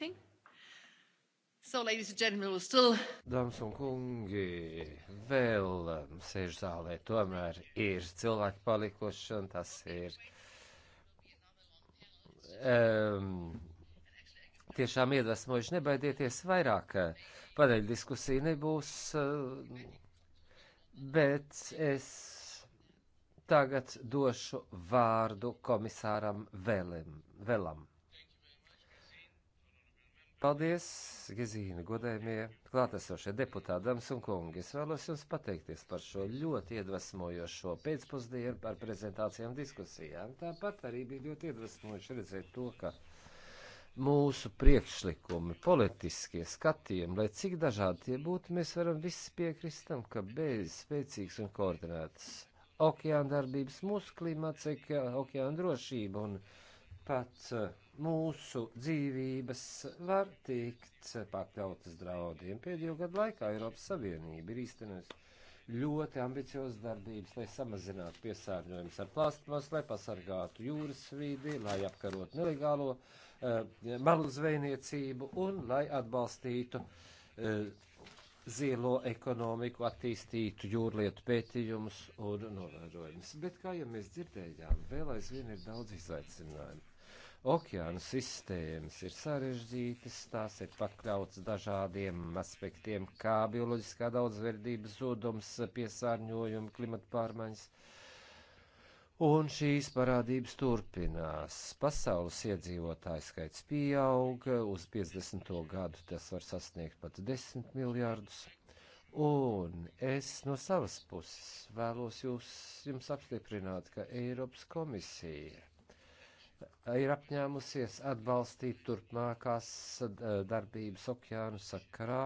thing. So, ladies and gentlemen, we'll still... Dāmas un kungi, vēl um, sēž zālē, tomēr ir cilvēki palikuši, un tas ir um, tiešām iedvesmojuši. Nebaidieties vairāk, uh, paneļa diskusija nebūs, uh, bet es tagad došu vārdu komisāram Velim, Velam. Paldies, Gezīna, godējumie klātesošie deputāti, dāmas un kungi. Es vēlos jums pateikties par šo ļoti iedvesmojošo pēcpusdienu, par prezentācijām, diskusijām. Tāpat arī bija ļoti iedvesmojoši redzēt to, ka mūsu priekšlikumi, politiskie skatījumi, lai cik dažādi tie būtu, mēs varam visi piekrist tam, ka bez spēcīgas un koordinētas okeāna darbības mūsu klimats, okeāna drošība un. Uh, pat eh, mūsu dzīvības var tikt eh, pakļautas draudiem. Pēdējo gadu laikā Eiropas Savienība ir īstenojusi ļoti ambiciozas darbības, lai samazinātu piesārņojumus ar plastmasu, lai pasargātu jūras vidi, lai apkarot nelegālo uh, malu zvejniecību un lai atbalstītu uh, zilo ekonomiku, attīstītu jūrlietu pētījumus un novērojumus. Bet, kā jau mēs dzirdējām, vēl aizvien ir daudz izaicinājumu. Okeāna sistēmas ir sarežģītas, tās ir pakļautas dažādiem aspektiem, kā bioloģiskā daudzverdības zudums, piesārņojumi, klimata pārmaiņas. Un šīs parādības turpinās. Pasaules iedzīvotāju skaits pieaug, uz 50. gadu tas var sasniegt pat 10 miljārdus. Un es no savas puses vēlos jūs, jums apstiprināt, ka Eiropas komisija ir apņēmusies atbalstīt turpmākās eh, darbības okeānu sakarā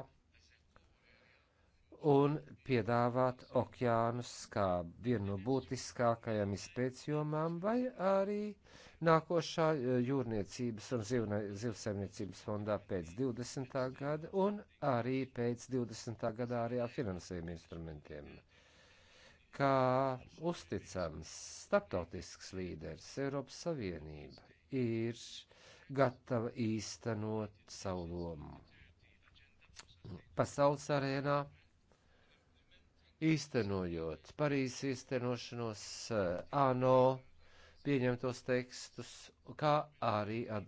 un piedāvāt okeānus kā vienu no būtiskākajām izpētjomām vai arī nākošā eh, jūrniecības un zivsaimniecības fondā pēc 20. gada un arī pēc 20. gadā arī ar finansējuma instrumentiem kā uzticams starptautisks līderis Eiropas Savienība ir gatava īstenot savu lomu. Pasaules arēnā īstenojot Parīzes īstenošanos, eh, ANO pieņemtos tekstus, kā arī at,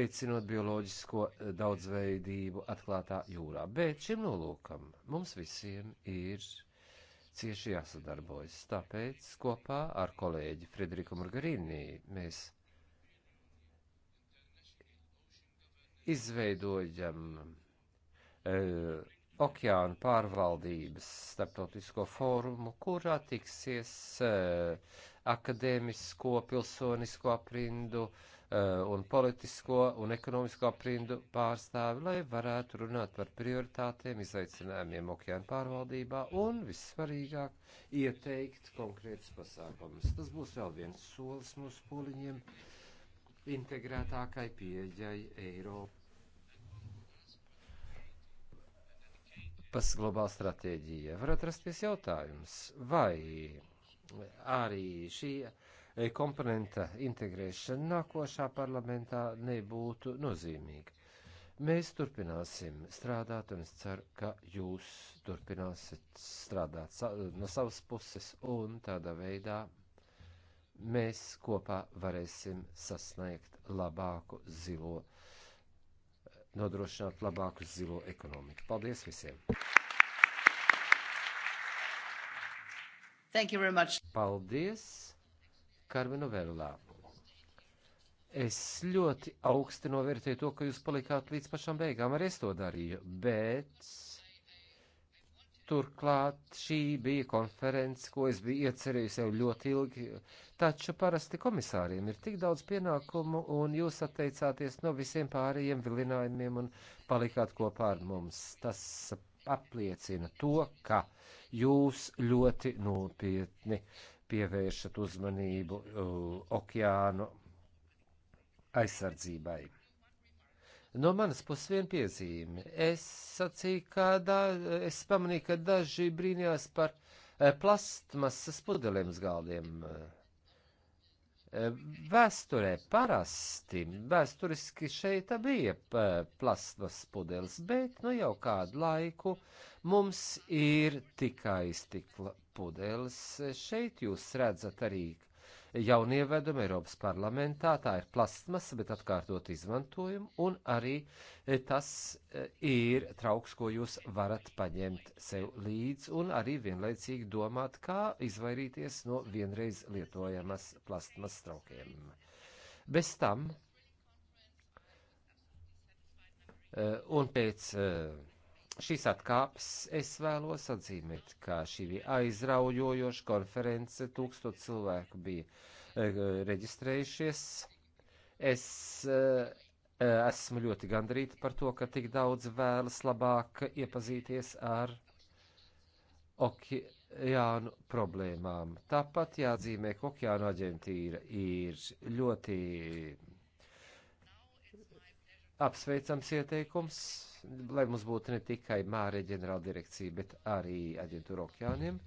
veicinot bioloģisko eh, daudzveidību atklātā jūrā. Bet šim nolūkam mums visiem ir cieši jāsadarbojas. Tāpēc kopā ar kolēģi Frederiku Margarīnī mēs izveidojam uh, okeānu pārvaldības starptautisko fórumu, kurā tiksies uh, akadēmisko, pilsonisko aprindu uh, un politisko un ekonomisko aprindu pārstāvi, lai varētu runāt par prioritātēm, izaicinājumiem okeānu pārvaldībā un, vissvarīgāk, ieteikt konkrētus pasākumus. Tas būs vēl viens solis mūsu poliņiem integrētākai pieejai Eiropai Eiropas globāla stratēģija. Var atrasties jautājums, vai arī šī komponenta integrēšana nākošā parlamentā nebūtu nozīmīga. Mēs turpināsim strādāt, un es ceru, ka jūs turpināsiet strādāt no savas puses, un tādā veidā mēs kopā varēsim sasniegt labāku zilo nodrošināt labāku zilo ekonomiku. Paldies visiem! Thank you very much. Paldies, Karmenu Vellā. Es ļoti augsti novērtēju to, ka jūs palikāt līdz pašām beigām, arī es to darīju, bet Turklāt šī bija konference, ko es biju iecerējis jau ļoti ilgi, taču parasti komisāriem ir tik daudz pienākumu, un jūs atteicāties no visiem pārējiem vilinājumiem un palikāt kopā ar mums. Tas apliecina to, ka jūs ļoti nopietni pievēršat uzmanību uh, okeānu aizsardzībai. No manas puses viena piezīme. Es sacīju, ka da, es pamanīju, ka daži brīnījās par eh, plastmasas pudelēm uz galdiem. Eh, vēsturē parasti, vēsturiski šeit bija eh, plastmasas pudeles, bet nu jau kādu laiku mums ir tikai stikla pudeles. Šeit jūs redzat arī jaunievedumu Eiropas parlamentā. Tā ir plasmas, bet atkārtot izmantojumu, un arī e, tas e, ir trauks, ko jūs varat paņemt sev līdzi, un arī vienlaicīgi domāt, kā izvairīties no vienreiz lietojamas plasmas traukiem. Bez tam, e, un pēc šīs atkāpes es vēlos atzīmēt, kā šī bija aizraujoša konference, tūkstot cilvēku bija e, reģistrējušies. Es e, e, esmu ļoti gandrīta par to, ka tik daudz vēlas labāk iepazīties ar okeānu problēmām. Tāpat jāatzīmē, ka okeāna aģentīra ir ļoti apsveicams ieteikums, lai mums būtu ne tikai Māre ģenerāldirekcija, bet arī aģentūra okeāniem.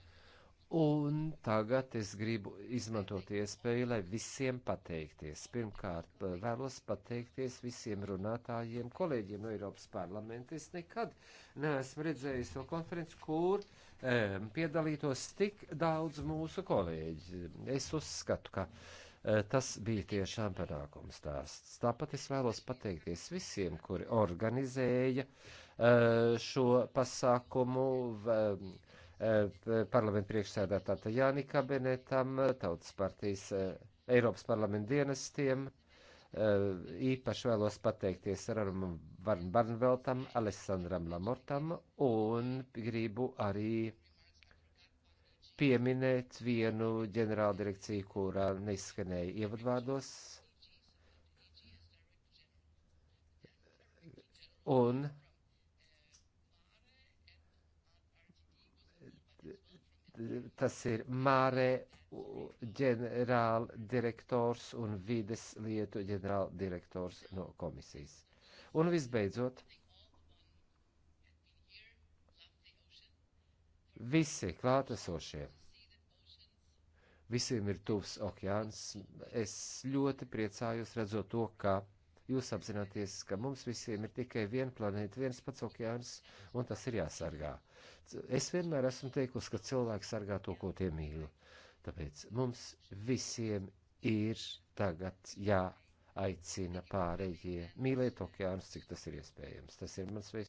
Un tagad es gribu izmantot iespēju, lai visiem pateikties. Pirmkārt, vēlos pateikties visiem runātājiem, kolēģiem no Eiropas parlamenta. Es nekad neesmu redzējis to konferenci, kur um, piedalītos tik daudz mūsu kolēģi. Es uzskatu, ka. Uh, Eh, tas bija tiešām panākums stāsts. Tāpat es vēlos pateikties visiem, kuri organizēja eh, šo pasākumu eh, parlamentu priekšsēdētāta Jāni kabinetam, Tautas partijas Eiropas parlamentu dienestiem. Īpaši vēlos pateikties Aramam Barnveltam, Alessandram Lamortam un gribu arī pieminēt vienu ģenerāldirekciju, kurā neizskanēja ievadvārdos. Un tas ir Mārē ģenerāldirektors un vides lietu ģenerāldirektors no komisijas. Un visbeidzot, Visi klātesošie. Visiem ir tuvs okeāns. Es ļoti priecājos redzot to, ka jūs apzināties, ka mums visiem ir tikai viena planēta, viens pats okeāns, un tas ir jāsargā. Es vienmēr esmu teikusi, ka cilvēki sargā to, ko tie mīl. Tāpēc mums visiem ir tagad jāaicina pārējie mīlēt okeānus, cik tas ir iespējams. Tas ir mans veids.